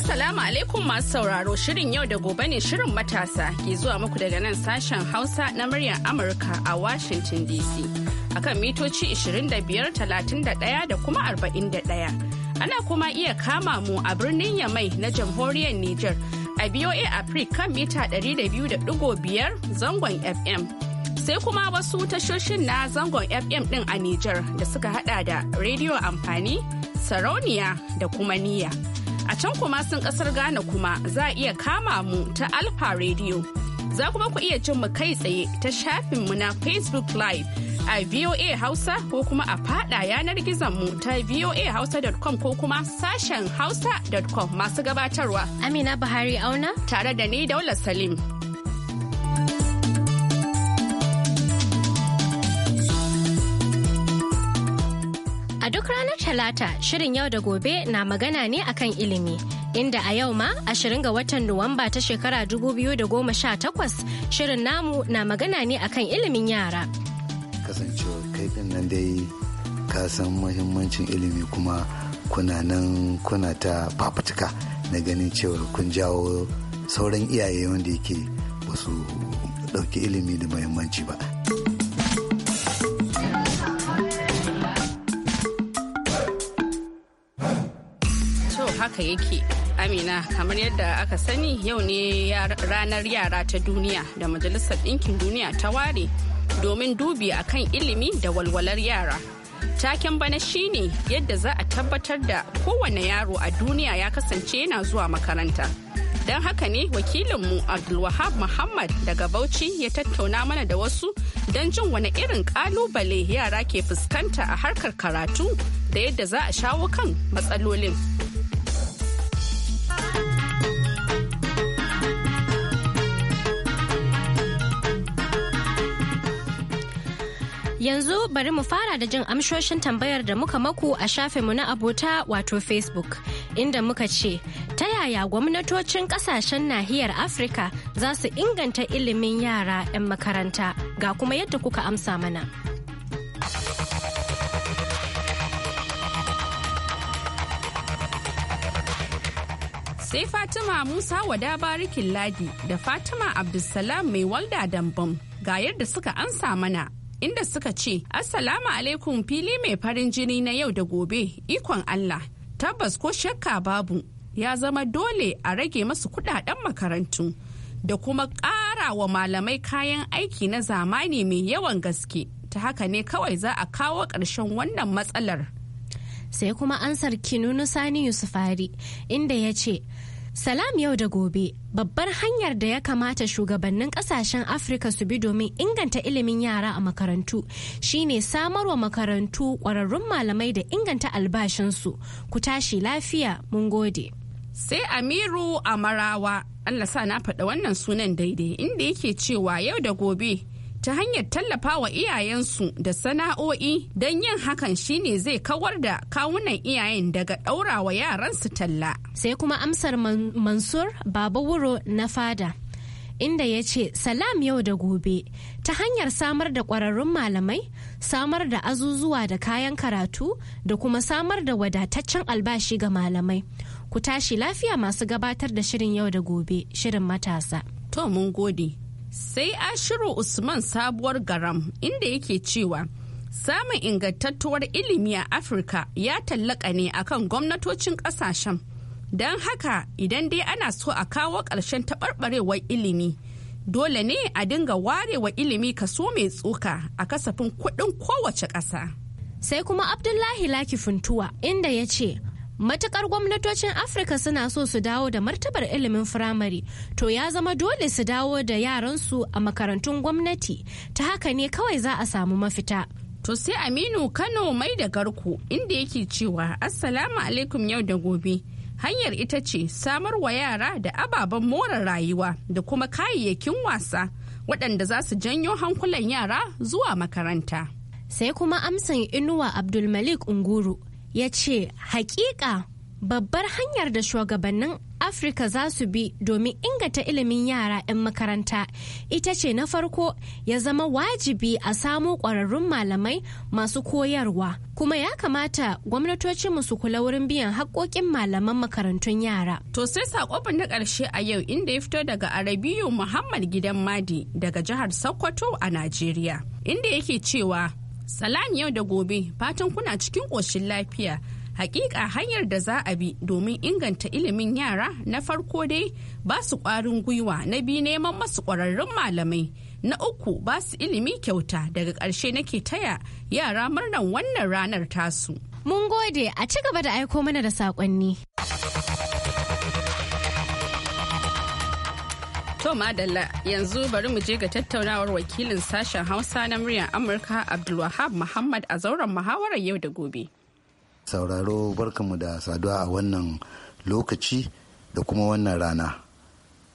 Assalamu alaikum masu sauraro shirin yau da gobe ne shirin matasa ke zuwa muku daga nan sashen Hausa na muryar Amurka a Washington DC akan mitoci 25, 31 da kuma 41. ana kuma iya kama mu a birnin yamai na jamhuriyar Nijar a BOA Africa kan mita 200.5 zangon FM. Sai kuma wasu tashoshin na zangon FM din a Nijar da suka hada da rediyo amfani, sarauniya da kuma niyya. A can kuma sun kasar Ghana kuma za a iya kama mu ta Alfa Radio. Za kuma ku iya jin mu kai tsaye ta shafinmu na Facebook Live a VOA Hausa ko kuma a fada yanar gizon mu ta voahausa.com ko kuma sashen hausa.com masu gabatarwa. Amina Buhari auna tare da ni Daula Salim. duk ranar Talata, shirin yau da gobe na magana ne akan ilimi, inda a yau ma ashirin ga watan Nuwamba ta shekara 2018 shirin namu na magana ne akan ilimin yara. Kasancewa kai nan dai ka san muhimmancin ilimi kuma kuna nan kuna ta fafutuka na ganin cewa kun jawo sauran iyaye wanda yake ba su ɗauki ilimi da muhimmanci ba. To haka yake. Amina, kamar yadda aka sani yau ne ranar yara ta duniya da Majalisar Ɗinkin Duniya ta ware domin dubi akan ilimi da walwalar yara. Taken bana shine yadda za a tabbatar da kowane yaro a duniya ya kasance yana zuwa makaranta. Don haka ne wakilinmu Abdulwahab Muhammad daga Bauchi ya tattauna mana da wasu don jin wani irin kalubale yara ke fuskanta a harkar karatu da yadda za a shawo kan matsalolin. Yanzu bari mu fara da jin amshoshin tambayar da muka maku a mu na abota wato Facebook, inda muka ce, ta yaya gwamnatocin kasashen nahiyar Afrika za su inganta ilimin yara 'yan makaranta ga kuma yadda kuka amsa mana. sai Fatima Musa wada barikin ladi da Fatima Abdulsalam mai walda dambam ga yadda suka amsa mana. inda suka ce assalamu alaikum fili mai farin jini na yau da gobe ikon allah tabbas ko shakka babu ya zama dole a rage masu kudaden makarantu da kuma ƙara wa malamai kayan aiki na zamani mai yawan gaske ta haka ne kawai za a kawo ƙarshen wannan matsalar sai kuma ansar kinunu sani yusufari inda ya ce Salam yau da gobe babbar hanyar da ya kamata shugabannin kasashen Afirka su bi domin inganta ilimin yara a makarantu shine samarwa makarantu ƙwararrun malamai da inganta albashinsu ku tashi lafiya mun gode. Sai Amiru Amarawa Allah sa na faɗa wannan sunan daidai inda yake cewa yau da gobe ta hanyar tallafawa iyayensu da sana'o'i don yin hakan shine zai kawar da kawunan iyayen daga ɗaurawa yaransu talla. Sai kuma amsar Mansur Baba Wuro na fada. Inda ya ce, Salam yau da gobe, ta hanyar samar da ƙwararrun malamai, samar da azuzuwa da kayan karatu, da kuma samar da wadataccen albashi ga malamai. Ku tashi lafiya masu gabatar da shirin yau da gobe, shirin matasa. To mun gode. sai ashiru usman sabuwar garam inda yake cewa samun ingantattuwar ilimi a afirka ya tallaka ne akan gwamnatocin kasashen don haka idan dai ana so a kawo ƙarshen taɓarɓarewar ilimi dole ne a dinga warewa ilimi kaso mai tsoka a kasafin kuɗin kowace ƙasa sai kuma abdullahi laki funtuwa inda ya ce Matukar gwamnatocin Afirka suna so su dawo da martabar ilimin firamare, to ya zama dole su dawo da yaransu a makarantun gwamnati, ta haka ne kawai za a samu mafita. To sai Aminu Kano mai da garku inda yake cewa Assalamu alaikum yau da gobe. Hanyar ita ce samar wa yara da ababen more rayuwa da kuma kayayyakin wasa waɗanda za su janyo hankulan yara zuwa makaranta. Sai kuma amsan inuwa Abdulmalik Unguru. ya ce hakika babbar hanyar da shugabannin afirka za su bi domin inganta ilimin yara 'yan makaranta ita ce na farko ya zama wajibi a samo ƙwararrun malamai masu koyarwa kuma ya kamata gwamnatocinmu su kula wurin biyan haƙoƙin malaman makarantun yara to sai saƙonmu na ƙarshe a yau inda ya fito daga arabiyu muhammad gidan madi daga jihar sokoto a najeriya inda yake cewa Salam yau da gobe fatan kuna cikin ƙoshin lafiya. Hakika hanyar da za a bi domin inganta ilimin yara na farko dai ba su ƙwarin gwiwa na bi neman masu ƙwararrun malamai. Na uku ba su ilimi kyauta daga ƙarshe nake taya yara murnan wannan ranar tasu. Mun gode a ci gaba da aiko mana da saƙonni. To Madalla yanzu bari mu je ga tattaunawar wakilin sashen Hausa na muryar Amurka Abdulwahab Muhammad a zauren muhawarar yau da gobe. Sauraro barkanmu da saduwa a wannan lokaci da kuma wannan rana.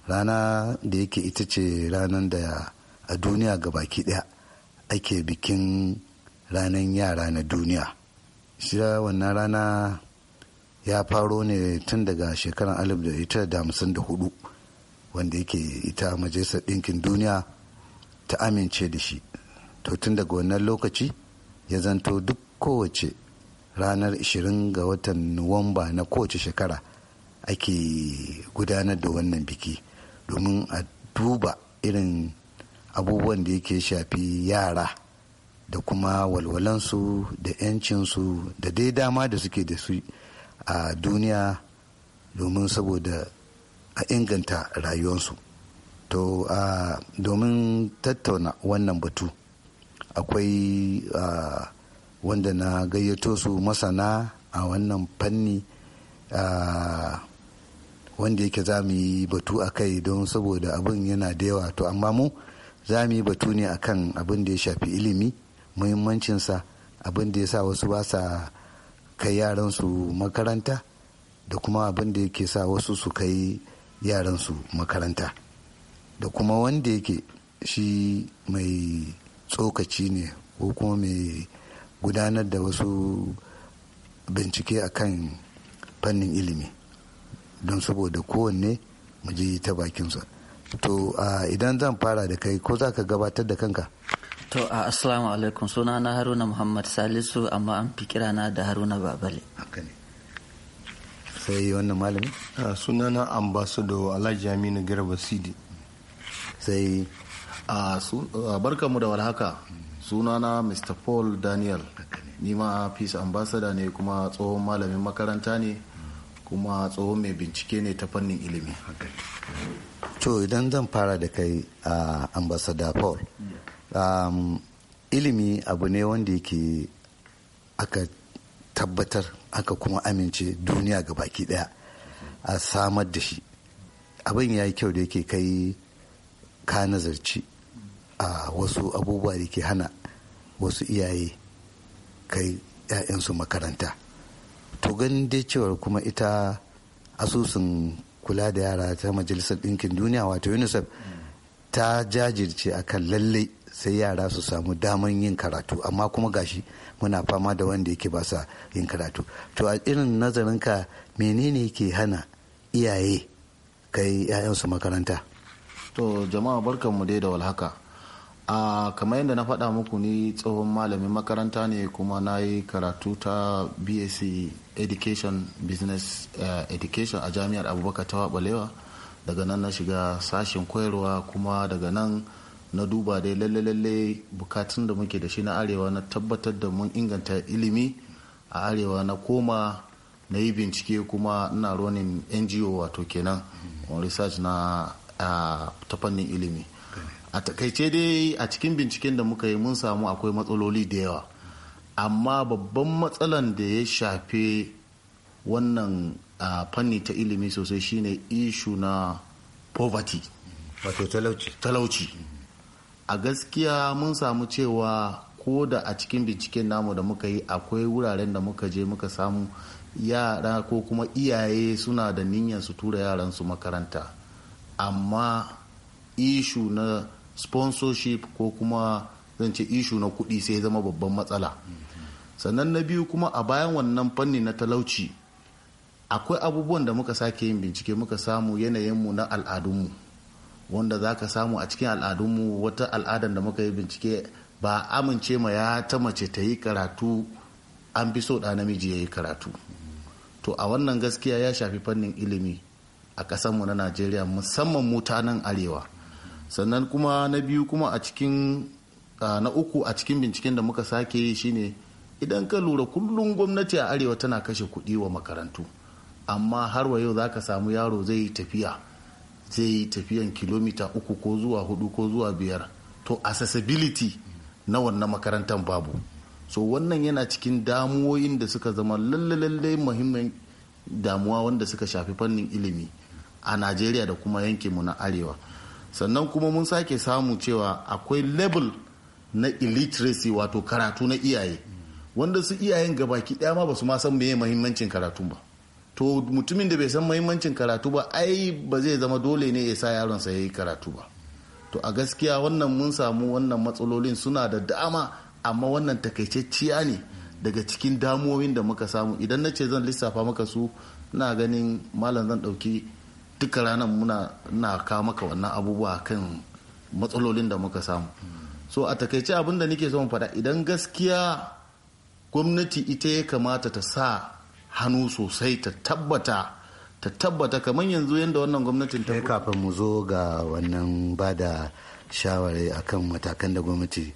Rana da yake ita ce ranar da a duniya baki daya ake bikin ranar yara na duniya. da wannan rana ya faro ne tun daga shekarar 1954. wanda yake ita majalisar ɗinkin duniya ta amince da shi to tun daga wannan lokaci ya zanto duk kowace ranar 20 ga watan nuwamba na kowace shekara ake gudanar da wannan biki domin a duba irin abubuwan da yake shafi yara da kuma walwalansu da 'yancinsu da dai dama da suke da su a duniya domin saboda a inganta rayuwarsu to uh, domin tattauna wannan batu akwai wanda na gayyato su masana a wannan fanni uh, wanda yake za mu yi batu a kai don saboda abin yana da yawa to amma mu za mu yi batu ne a kan abin da ya shafi ilimi muhimmancinsa abin da ya sa wasu ba sa kai yaransu makaranta da kuma abin da yake sa wasu su kai yaransu makaranta da kuma wanda yake shi mai tsokaci ne ko kuma mai gudanar da wasu bincike a kan fannin ilimi don saboda kowanne mu je ta bakinsa to idan zan fara da kai ko za ka gabatar da kanka To a Assalamu alaikum suna na Haruna Muhammad Salisu amma an fi kirana da Haruna Babale. sai wannan malami sunana ambassador alhaji aminu garba sidi sai a mu da warhaka sunana mr paul daniel ni ma peace ambassador ne kuma tsohon malamin makaranta ne kuma tsohon mai bincike ne ta fannin ilimi to idan zan fara da kai a ambassador paul mm. ilimi abu ne wanda yake aka tabbatar aka kuma amince duniya ga baki daya a samar da shi abin ya yi kyau da yake kai ka nazarci a wasu abubuwa da ke hana wasu iyaye kai 'ya'yansu makaranta to ganin dai cewar kuma ita asusun kula da yara ta majalisar ɗinkin duniya wato unicef ta jajirce akan lallai sai yara su samu daman yin karatu amma kuma gashi muna fama da wanda yake ba sa yin karatu to a irin ka menene ke hana iyaye kai 'ya'yansu makaranta to jama'a barkanmu dai da walhaka a kamar yadda na faɗa muku ni tsohon malamin makaranta ne kuma na yi karatu ta bsc education business eh, education a jami'ar abubakar tawa balewa daga nan na shiga sashen koyarwa kuma daga nan na duba dai lalle lalle bukatun da muke da shi na arewa na tabbatar da mun inganta ilimi a arewa na koma na yi bincike kuma ina ronin ngo wato kenan on research na ta fannin ilimi a takaice dai a cikin binciken da muka yi mun samu akwai matsaloli da yawa amma babban matsalan da ya shafe wannan fanni ta ilimi sosai shine ishu na poverty wato talauci a gaskiya mun samu cewa ko da a cikin binciken namu da muka yi akwai wuraren da muka je muka samu yara ko kuma iyaye suna da niyyar su tura yaran su makaranta amma ishu na sponsorship ko kuma zan ce ishu na kuɗi sai zama babban matsala sannan na biyu kuma a bayan wannan fanni na talauci akwai abubuwan da muka sake yin bincike muka samu yanayinmu na al'adunmu wanda za ka samu a cikin al'adunmu wata al'adar da muka yi bincike ba amince ma ya ta mace ta yi karatu an fi so da namiji ya yi karatu to a wannan gaskiya ya shafi fannin ilimi a kasanmu na najeriya musamman mutanen arewa sannan kuma na biyu kuma a cikin na uku a cikin binciken da muka sake yi shine idan ka lura kullum gwamnati a arewa tana kashe kuɗi wa makarantu amma har wa yau za ka samu yaro zai yi tafiya zai yi tafiyan kilomita uku ko zuwa hudu ko zuwa biyar to accessibility na wannan makarantar babu so wannan yana cikin damuwoyin da suka zama lalle-lalle muhimmin damuwa wanda suka shafi fannin ilimi a najeriya da kuma mu na arewa sannan kuma mun sake samu cewa akwai level na illiteracy wato karatu na iyaye wanda su iyayen gabaki daya ma ba su ma san meye mahimmancin karatun ba to mutumin da bai san mahimmancin karatu ba ai ba zai zama dole ne ya sa yaron sa ya yi karatu ba to a gaskiya wannan mun samu wannan matsalolin suna da dama amma wannan takaicecciya ne daga cikin damuwoyin da muka samu idan na ce zan lissafa maka su na ganin malam zan ɗauki duka ranar muna na kawo maka wannan abubuwa kan matsalolin da muka samu so a takaice abin da nake mu faɗa idan gaskiya gwamnati ita ya kamata ta sa hannu sosai ta tabbata ta tabbata kamar yanzu yadda wannan gwamnatin ta eh, kafin mu zo ga wannan ba da shawarai akan matakan da gwamnati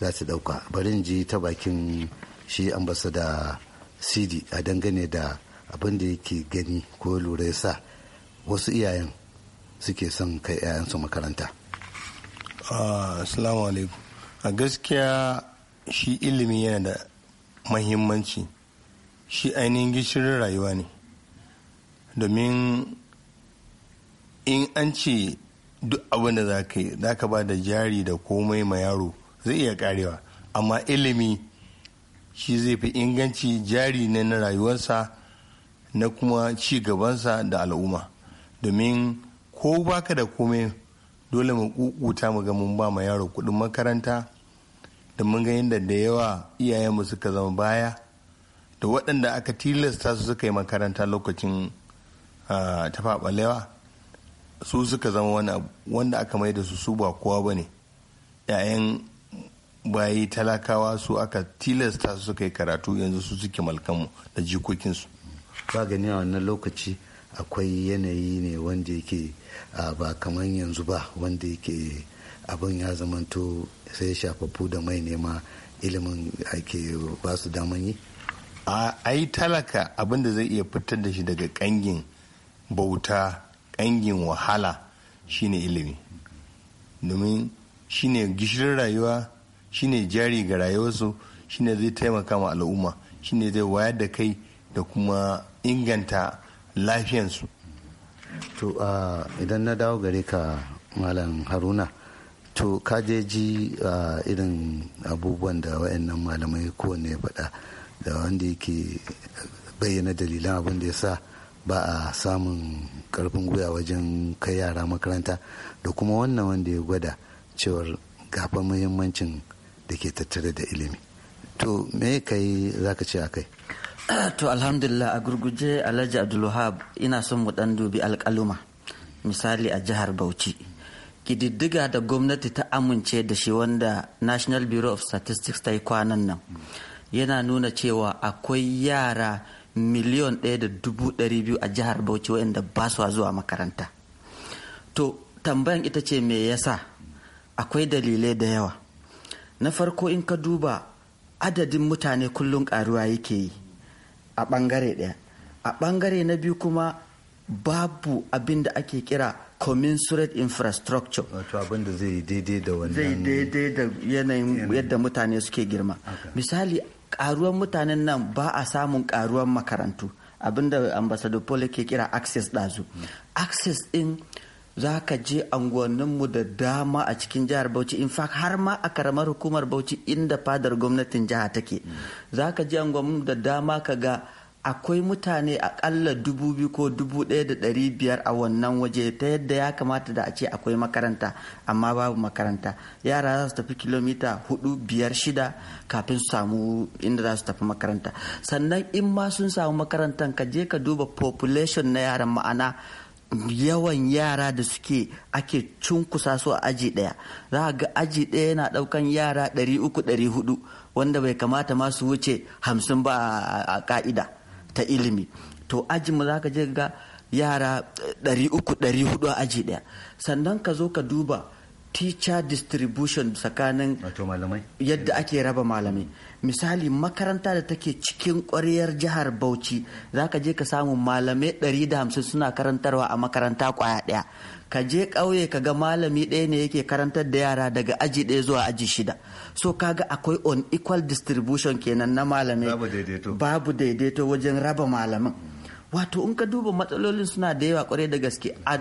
za su dauka barin ji ta bakin shi ambasada cd a dangane da abin da yake gani ko lura sa wasu iyayen suke son kai 'ya'yansu makaranta ah, alaikum a gaskiya shi ilimi yana da mahimmanci shi ainihin gishirin rayuwa ne domin in an ce duk abin da za ka yi za ka ba da jari da komai ma yaro zai iya karewa amma ilimi shi zai fi inganci jari ne na rayuwarsa na kuma ci gabansa da al'umma domin ko baka da komai dole mu kukuta mu ga mun ba ma yaro kudin makaranta da mun ga yadda da yawa iyayenmu suka zama baya da waɗanda aka tilasta su suka yi makaranta lokacin tafaɓalewa su suka zama wanda aka mai da su su ba kowa ba ne 'ya'yan bayi talakawa su aka tilasta su suka yi karatu yanzu su suke malkanmu da jikokinsu ba gani a wannan lokaci akwai yanayi ne wanda yake ba kamar yanzu ba wanda yake abin ya zamanto sai shafafu da mai nema ilimin ake ba su daman yi a yi talaka abin da zai iya fitar da shi daga kangin bauta kangin wahala shine ilimi domin shine gishirin rayuwa shine jari ga rayuwarsu shine zai taimaka ma al'umma shine zai wayar da kai da kuma inganta lafiyansu to idan na dawo gare ka malam haruna to kaje ji irin abubuwan da wayannan malamai kowanne ya faɗa da wanda yake bayyana dalilan abin da ya sa ba a samun karfin gwiwa wajen kai yara makaranta da kuma wannan wanda ya gwada cewar gafa muhimmancin da ke tattare da ilimi to me kai za ka ce a kai to alhamdulillah a gurguje alhaji abdulwahab ina son mu dan dubi alkaluma misali a jihar bauchi kididdiga da gwamnati ta amince da shi wanda national bureau of statistics ta yi kwanan nan mm yana nuna cewa akwai yara miliyon ɗaya da dubu ɗari biyu a jihar Bauchi waɗanda ba su zuwa makaranta. To tambayan ita ce me yasa akwai dalilai da yawa. Na farko in ka duba adadin mutane kullum karuwa yake yi a ɓangare ɗaya. A ɓangare na biyu kuma babu abin da ake kira commensurate infrastructure wato abin da zai daidai da wannan zai daidai da yanayin yadda mutane suke girma misali karuwan mutanen nan ba a samun karuwan makarantu abinda ambassador paul ke kira access dazu access ɗin za ka je anguwanninmu da dama a cikin jihar bauchi in fact har ma a karamar hukumar bauchi inda fadar gwamnatin jiha take za ka je anguwanninmu da dama ka ga akwai mutane akalla dubu biyu ko dubu ɗaya da ɗari biyar a wannan waje ta yadda ya kamata da a ce akwai makaranta amma babu makaranta yara za su tafi kilomita hudu biyar shida kafin su samu inda za su tafi makaranta sannan in ma sun samu makarantan ka je ka duba population na yaran ma'ana yawan yara da suke ake cunkusa su a aji ɗaya za a ga aji ɗaya yana ɗaukan yara ɗari uku, ɗari hudu, wanda bai kamata masu wuce hamsin ba a ƙa'ida. ta ilimi to aji mu za ka je ga yara 300-400 eh, a aji ɗaya sannan ka zo ka duba teacher distribution tsakanin yadda ake raba malamai misali makaranta da take cikin ƙwariyar jihar bauchi za ka je ka samu malamai 150 suna karantarwa a makaranta kwaya ɗaya ka je ƙauye ka ga malami ɗaya ne yake karantar da yara daga aji ɗaya zuwa aji shida so kaga akwai on equal distribution kenan na malami. babu daidaito babu daidaito wajen raba malamin wato in ka duba matsalolin suna da yawa kwarai da gaske a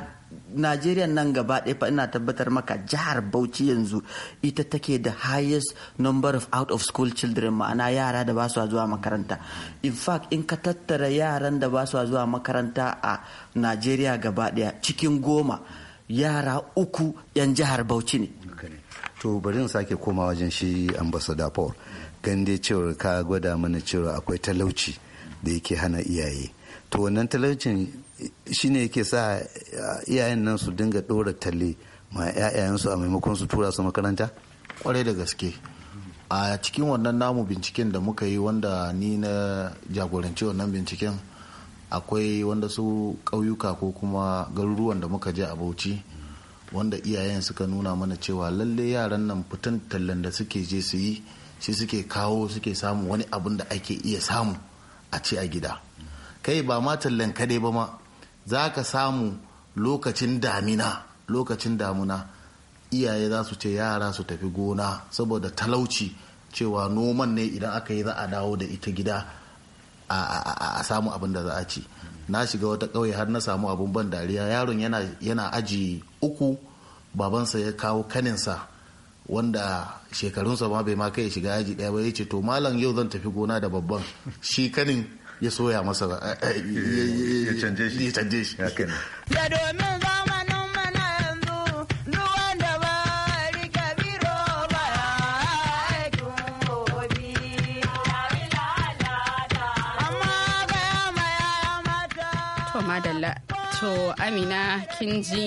najeriya nan gaba ɗaya fa ina tabbatar maka jihar bauchi yanzu ita take da highest number of out of school children ma'ana yara da ba su zuwa makaranta in fact in ka tattara yaran da ba su zuwa makaranta a najeriya gaba ɗaya cikin goma yara uku 'yan jihar bauchi ne to bari in sake koma wajen shi ambassador paul gande cewar ka gwada mana cewa akwai talauci da yake hana iyaye to wannan talaucin shine yake sa eh, iyayen nan su dinga ɗora talle ma 'ya'yayensu a maimakon su tura su makaranta kwarai da gaske a cikin wannan namu binciken da muka yi wanda ni na jagoranci wannan binciken akwai wanda su ƙauyuka ko kuma garuruwan da muka je a bauchi wanda iyayen suka nuna mana cewa lalle yaran nan fitan tallan da suke je su yi shi suke kawo suke samu wani abin da ake iya samu a ce a gida kai ba ma tallan kadai ba ma za ka samu lokacin damina lokacin damuna iyaye za su ce yara su tafi gona saboda talauci cewa noman ne idan aka yi za a dawo da ita gida a samu abin da za a ci na shiga wata ƙauye har na samu abin ban dariya yaron yana yana aji uku babansa ya kawo kaninsa wanda shekarunsa ma bai ma kai shiga yaji ɗaya ba ya ce to malam yau zan tafi gona da babban shi kanin ya soya masa eh, eh, eh, ya canje shi ya madalla to amina kin ji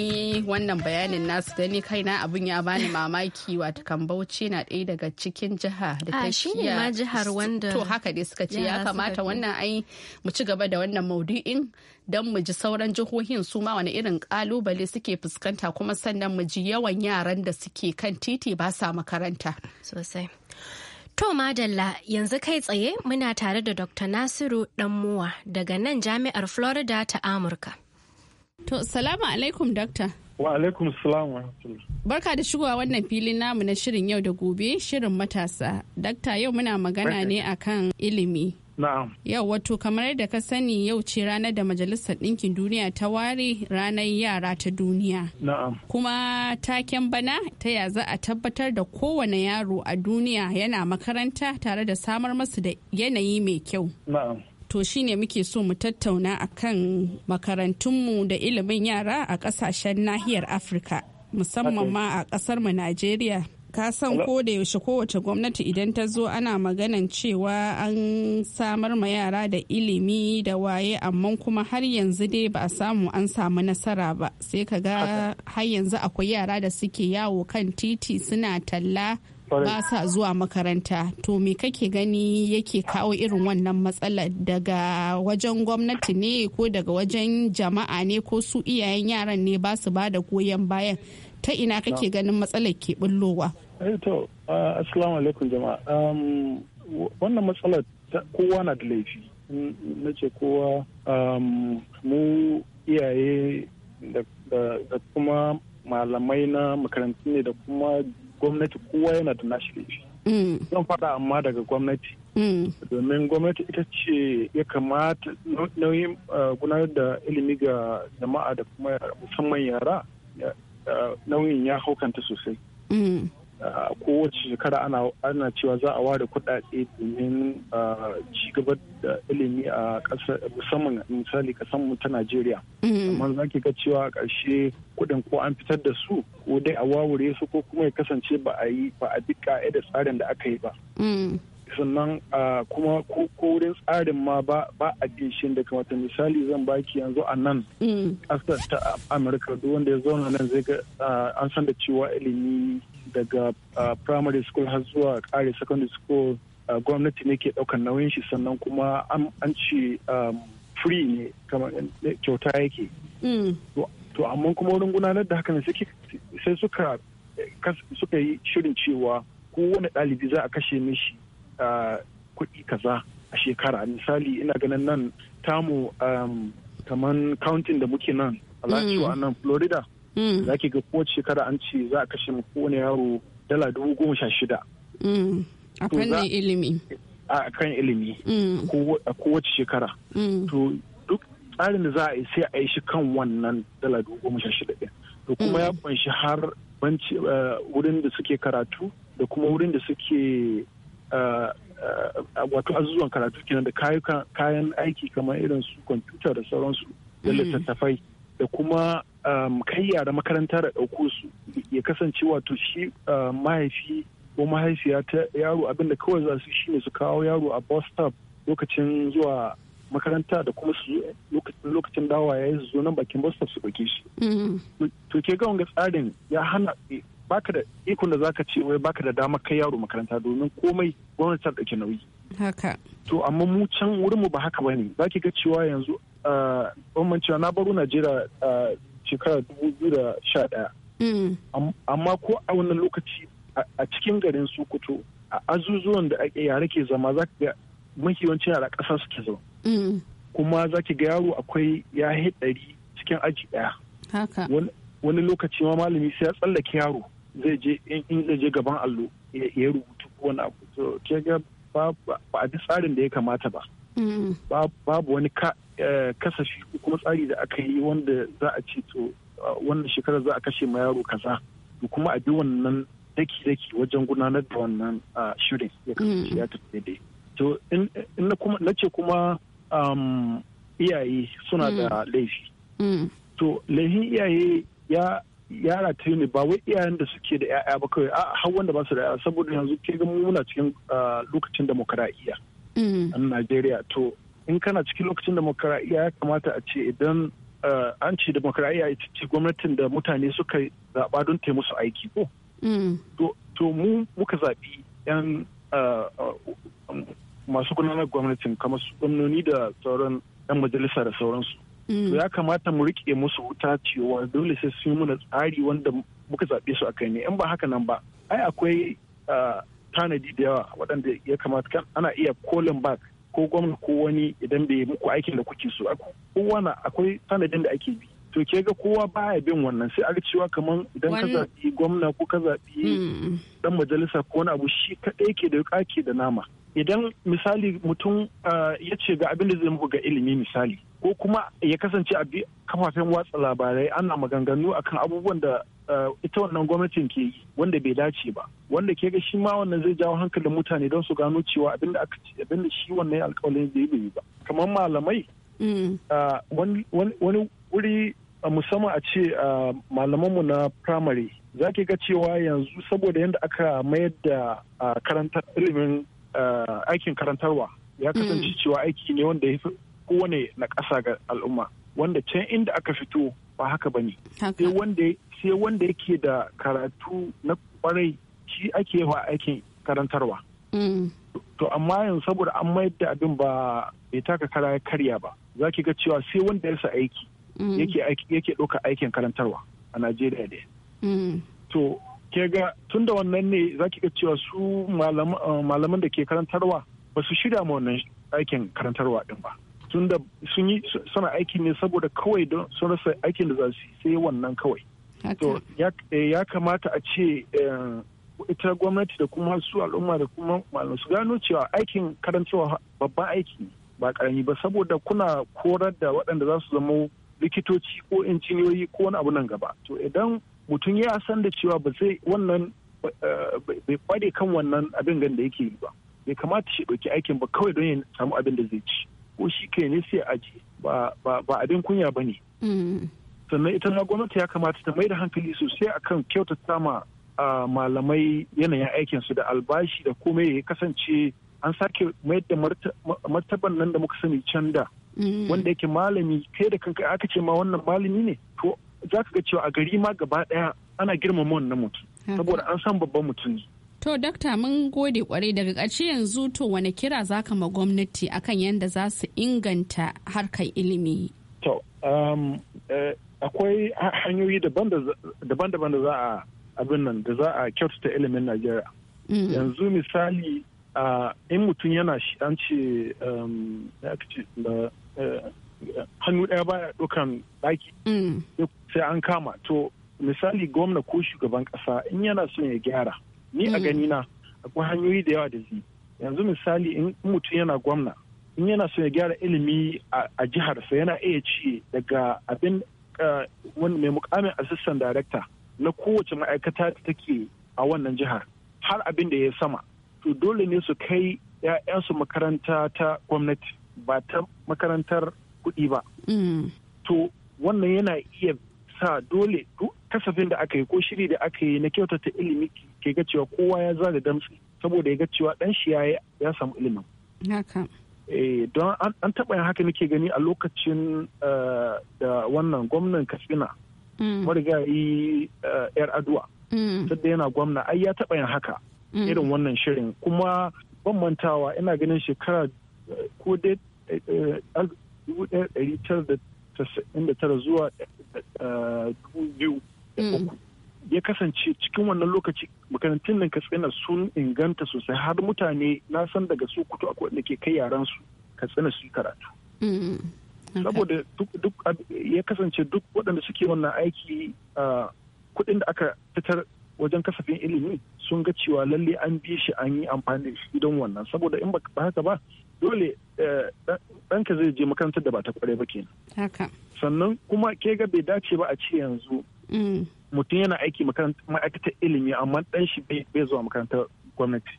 wannan bayanin nasu da ni kaina abin ya bani mamaki wata bauchi na ɗaya daga cikin jiha da ah, ta shi ne ma jihar wanda to haka dai suka ce ya kamata wannan ai mu ci gaba da wannan maudu'in don mu ji sauran jihohin su ma wani irin kalubale suke fuskanta kuma sannan mu ji yawan yaran da suke kan titi ba sa makaranta sosai To Madalla yanzu kai tsaye muna tare da Dr. Nasiru Danmuwa daga nan jami'ar Florida ta Amurka. To, salamu alaikum Dokta. Wa alaikum salam Barka da shigowa wannan filin namu na shirin yau da gobe shirin matasa. Dr. yau muna magana ne akan ilimi. Yau wato kamar yadda ka sani yau ce ranar da Majalisar Ɗinkin Duniya ta ware ranar yara ta duniya. Kuma taken bana ta ya za a tabbatar da kowane yaro a duniya yana makaranta tare da samar masu da yanayi mai kyau. To shi ne muke so mu tattauna a kan makarantunmu da ilimin yara a ƙasashen nahiyar Afirka. musamman ma a ƙasarmu mu Najeriya ka san ko da yaushe kowace gwamnati idan ta zo ana maganan cewa an samar ma yara da ilimi da waye amma kuma har yanzu dai ba a samu an samu nasara ba sai ka ga har yanzu akwai yara da suke yawo kan titi suna talla ba sa zuwa makaranta to me kake gani yake kawo irin wannan matsala daga wajen gwamnati ne ko daga wajen jama'a ne ko su iyayen yaran ne ba su ba da goyon bayan ta ina kake ganin matsalar ke bullowa Eh, to uh, assalamu alaikum jama'a um, wannan matsalar kowa na da laifi na ce kowa um, mu iyaye da kuma malamai na makarantu ne da kuma gwamnati kowa yana da nashi laifi mm. zan faɗa amma daga gwamnati mm. domin gwamnati ita ce ya kamata nauyin uh, gudanar da ilimi ga jama'a da kuma musamman yara uh, nauyin ya haukanta sosai mm. Ah, kowace shekara ana cewa za a ware kuɗaɗe domin ah, ci gaba da ilimi a musamman misali mu ta najeriya mm-hmm. amma za ki ga cewa a ƙarshe kuɗin ko an fitar da su ko dai a wawure su ko kuma ya kasance ba a yi ba a bi da tsarin da aka yi ba mm. sannan kuma ko wurin tsarin ma ba a ginshin da kamata misali zan baki yanzu a nan kasar mm. ta amurka duk wanda ya zauna nan zai ga an san da cewa ilimi daga primary school har zuwa kare secondary school gwamnati ne ke daukan nauyin shi sannan kuma an ce free ne kamar eh, kyauta yake mm. to amma kuma wurin gudanar da haka ne sai eh, suka yi shirin cewa kowane ɗalibi za a kashe mishi kuɗi kaza a shekara misali ina ganin nan tamu um, kaman countin da muke nan alaciwa mm. nan florida mm. za ki ga kowace shekara an ce za a kashe kowane yaro dala dubu goma sha shida mm. a ne ilimi a kan ilimi a kowace shekara to duk tsarin da za a yi sai a yi shi kan wannan dala dubu goma sha shida ɗin to kuma ya kunshi har uh, wurin da suke karatu da kuma wurin da suke wato azuzuwan karatu kenan da kayan aiki kamar irin su kwamfuta da sauransu da mm. littattafai da kuma um, kai yara makaranta da ɗauko su ya kasance wato shi uh, mahaifi ko mahaifiya ta yaro abinda kawai za su shine su kawo yaro a bus stop lokacin zuwa makaranta da kuma su lokacin dawa ya yi zo nan bakin bus stop su ɗauke shi mm. to ke ga wanga tsarin ya hana baka da ikon da zaka ce wai baka da dama kai yaro makaranta domin komai gwamnati ta dauke nauyi haka to amma mu can wurin mu ba haka bane zaki ga cewa yanzu ah, ban cewa na baro Najeriya ah, shekara 2011 mm. amma ko a wannan lokaci a cikin garin Sokoto a azuzuwan da ake yare ke zama zaka ga mahiyawancin yara ƙasa suke zama mm. kuma zaki ga yaro akwai ya ɗari cikin aji ɗaya wani lokaci ma malami sai ya tsallake yaro zai je in zai je gaban allo ya rubutu wani abu to ke ga ba a bi tsarin da ya kamata ba mm. babu wani eh, kasafi ko kuma tsari da aka yi wanda za a ce to uh, wannan shekarar za a kashe ma yaro kaza to kuma a bi wannan daki-daki wajen gudanar da wannan uh, shirin ya kasance mm. ya tafi dai to in na ce kuma um, iyaye suna mm. da laifi to laifin iyaye ya yara ta ne ba wai iyayen da suke da 'ya'ya ba kawai har wanda ba su da ƴaƴa saboda yanzu ke ga muna cikin ah, lokacin demokaradiyya mm. a Najeriya to in kana cikin lokacin demokaradiyya ya kamata a ce idan ah, an ce demokaradiyya ita ce gwamnatin da mutane suka zaɓa don ta musu aiki ko mm. to mu muka zaɓi 'yan ah, masu gudanar gwamnatin kamar su gwamnoni da sauran 'yan majalisa da sauransu to mm. ya kamata mu rike musu wuta cewa dole sai sun yi mana tsari wanda muka zaɓe su a kai ne in ba haka nan ba ai akwai tanadi da yawa waɗanda ya kamata ana iya calling back ko gwamna ko wani idan bai muku aikin da kuke so kowa na akwai tanadin da ake bi to ke ga kowa baya bin wannan sai aga cewa kamar idan ka zaɓi gwamna ko ka zaɓi dan mm. majalisa ko wani abu shi kaɗai ke da wuƙa ke da nama idan misali mutum uh, ya ce ga abin da zai muku ga ilimi misali ko kuma ya kasance a kafafen watsa labarai ana maganganu akan abubuwan da uh, ita wannan gwamnatin ke yi wanda bai dace ba wanda ke ga shi ma wannan zai jawo hankalin mutane don su gano cewa abin da shi wannan alkawalin zai bai ba kamar malamai mm. uh, wani wuri musamman a ce malaman mu na primary za ga cewa yanzu saboda yadda aka mayar da karantar ilimin Eh, aikin karantarwa ya kasance mm. cewa aiki ne wanda ya fi kowane na ƙasa ga al'umma wanda can inda aka fito ba haka ba ne sai wanda yake da karatu na kwarai shi ake yawa aikin karantarwa mm. to amma yanzu saboda an mayar da abin ba bai taka kara ya karya ba za ki ga cewa sai wanda ya sa mm. aiki yake ɗauka aikin karantarwa a najeriya dai to ke ga tun da wannan ne za ki ga cewa su eh, malaman da ke karantarwa ba su shirya ma wannan aikin karantarwa din ba tun da sun yi suna aiki ne saboda kawai don sun rasa aikin da za su sai wannan kawai to eh, ya kamata a ce eh, ita gwamnati da kuma su al'umma da kuma malamai su gano cewa aikin karantarwa babban aiki ba karami ba saboda kuna korar da waɗanda za su zama likitoci ko injiniyoyi ko wani abu nan gaba to idan mutum ya san da cewa ba zai wannan eh, bai kware kan wannan abin gan da yake yi ba bai kamata shi ɗauki aikin ba kawai don ya samu abin da zai ci ko shi ke ne sai aji ba abin kunya ba ne mm. sannan ita ma gwamnati ya kamata ta mai da hankali sosai akan kyautata ma malamai yanayin aikin su da albashi da komai ya kasance an sake mai da martaban nan da muka sani can da mm. wanda yake malami kai da kanka aka ce ma wannan malami ne to za ka ga cewa a gari ma gaba ɗaya ana girmama wannan mutum saboda an san babban mutum ne To, dakta mun gode kwarai daga ƙarshe yanzu to wani kira za ka ma gwamnati akan yadda za su inganta harkar ilimi? To, um, eh, akwai hanyoyi daban-daban da za a abin nan da za a kyautata ilimin Najeriya. Mm. Yanzu misali ah, in mutum yana an ce um, hannu ɗaya baya ɗaukan ɗaki mm. sai an kama to misali gwamna ko shugaban ƙasa in yana son ya gyara ni a mm. ganina akwai hanyoyi da yawa da zai yanzu misali in mutum yana gwamna in yana son ya gyara ilimi a jiharsa yana iya ci daga abin eh, wani mai mukamin assistant director na kowace ma'aikata da take a wannan jihar har abin da ya sama to dole ne su kai 'ya'yansu makaranta ta gwamnati ba ta makarantar kuɗi ba mm. to wannan yana iya sa dole duk kasafin da aka yi ko shiri da aka yi na kyautata ilimi ke ga cewa kowa ya zaga damtsi saboda ya ga cewa dan shi ya ya samu ilimin eh, don an taɓa yin haka nake gani a lokacin eh, da wannan gwamnan katsina mm. marigayi eh, yar aduwa sadda mm. yana gwamna ai ya taɓa yin haka irin wannan shirin kuma ban mantawa ina ganin shekara ko dai 1999 zuwa 2000 eh, mm. ya kasance cikin wannan lokaci makarantun nan katsina sun inganta sosai har mutane na san daga su kutu akwai da ke kai yaran su katsina su karatu mm-hmm. saboda ya kasance duk waɗanda suke wannan aiki eh, kuɗin da aka fitar wajen kasafin ilimi sun ga cewa lalle an bi shi an yi amfani da shi don wannan saboda in ba haka ba dole eh, ɗanka zai je makarantar da ba ta kware ba kenan haka sannan kuma ke ga bai dace ba a ce yanzu mm. mutum yana aiki ma'aikatar ilimi amma ɗan shi bai zuwa makarantar gwamnati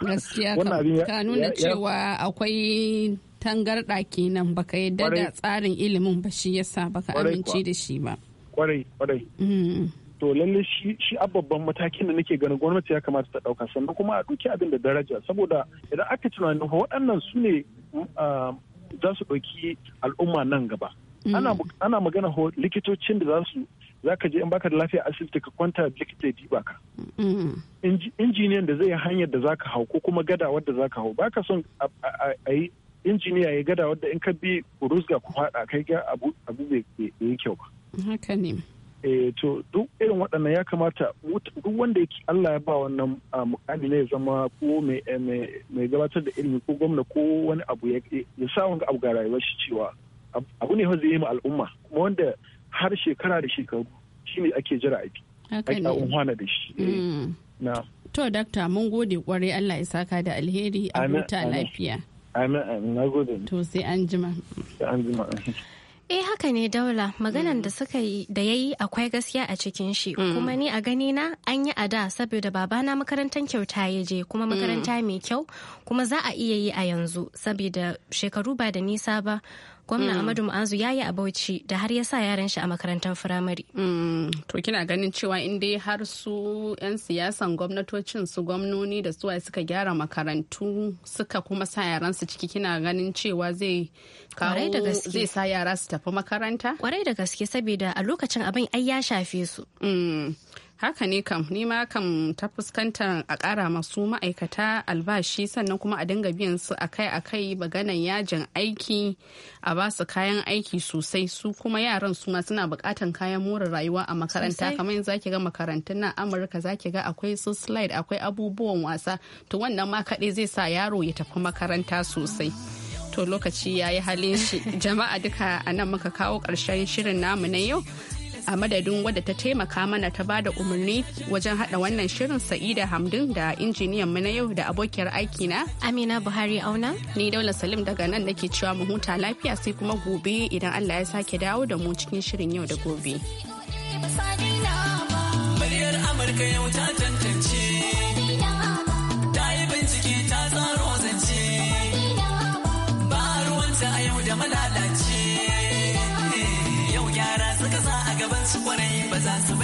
gaskiya ka nuna cewa akwai tangarɗa kenan baka yadda da tsarin ilimin ba shi yasa baka amince da shi ba mm. to lalle shi shi babban matakin da nake ganin gwamnati ya kamata ta dauka sannan kuma a duki abin da daraja saboda idan aka tunanin waɗannan su ne za su ɗauki al'umma nan gaba mm. ana magana likitocin da za su zaka je in baka da lafiya asibiti ka kwanta likita ya diba ka mm. injiniyan da zai yi hanyar da zaka hau ko kuma gada wadda zaka hau baka son a yi injiniya ya gada wadda in ka bi rusga ku faɗa kai ga abu bai yi kyau ba Eh, to duk irin waɗannan ya kamata duk wanda yake Allah ya ba wannan ah, mukami ne ya zama ko eh, mai gabatar da ilimi ko gwamna ko wani abu ya sa wani abu ga rayuwar shi cewa abu ne zai yi ma al'umma kuma wanda har shekara da shekaru shine ake jira aiki ake da shi mm. to dakta mun gode kwarai Allah ya saka da alheri a huta lafiya amin amin na gode to sai an jima sai an jima eh haka ne daula maganan mm. da suka yi da yayi akwai gaskiya a cikin shi mm. kuma ni a gani na an yi a da saboda babana makarantar kyauta ya je kuma mm. makaranta mai kyau kuma za a iya yi a yanzu saboda shekaru ba da nisa ba Gwamnan mm. amadu mu'azu ya yi a bauchi da har ya sa yaran shi a makarantar firamare. Mm. to kina ganin cewa in dai har su 'yan siyasan gwamnatocin su gwamnoni da suwa suka gyara makarantu suka kuma sa yaran su ciki kina ganin cewa zai zai sa yara su tafi makaranta kwarai da gaske saboda a lokacin abin ai ya shafe su mm. haka ne kam nima kam ta fuskantar a kara masu ma'aikata albashi sannan kuma a dinga biyan su akai-akai maganan yajin aiki a ba su kayan aiki sosai su kuma yaran su ma suna bukatan kayan more rayuwa a makaranta kamar yanzu zaki ga makarantun nan amurka zaki ga akwai su slide akwai abubuwan wasa to wannan ma kaɗai zai sa yaro ya tafi makaranta sosai. to lokaci ya yi halin shi jama'a duka a nan muka kawo ƙarshen shirin namu na yau a madadin wadda ta taimaka mana ta bada umarni wajen hada wannan shirin sa'ida hamdun da injiniyan mu na yau da abokiyar aiki na amina buhari auna ni daula salim daga nan nake cewa mu huta lafiya sai kuma gobe idan allah ya sake dawo da mu cikin shirin yau da gobe. Amurka yau ta gaban su kwarai ba za su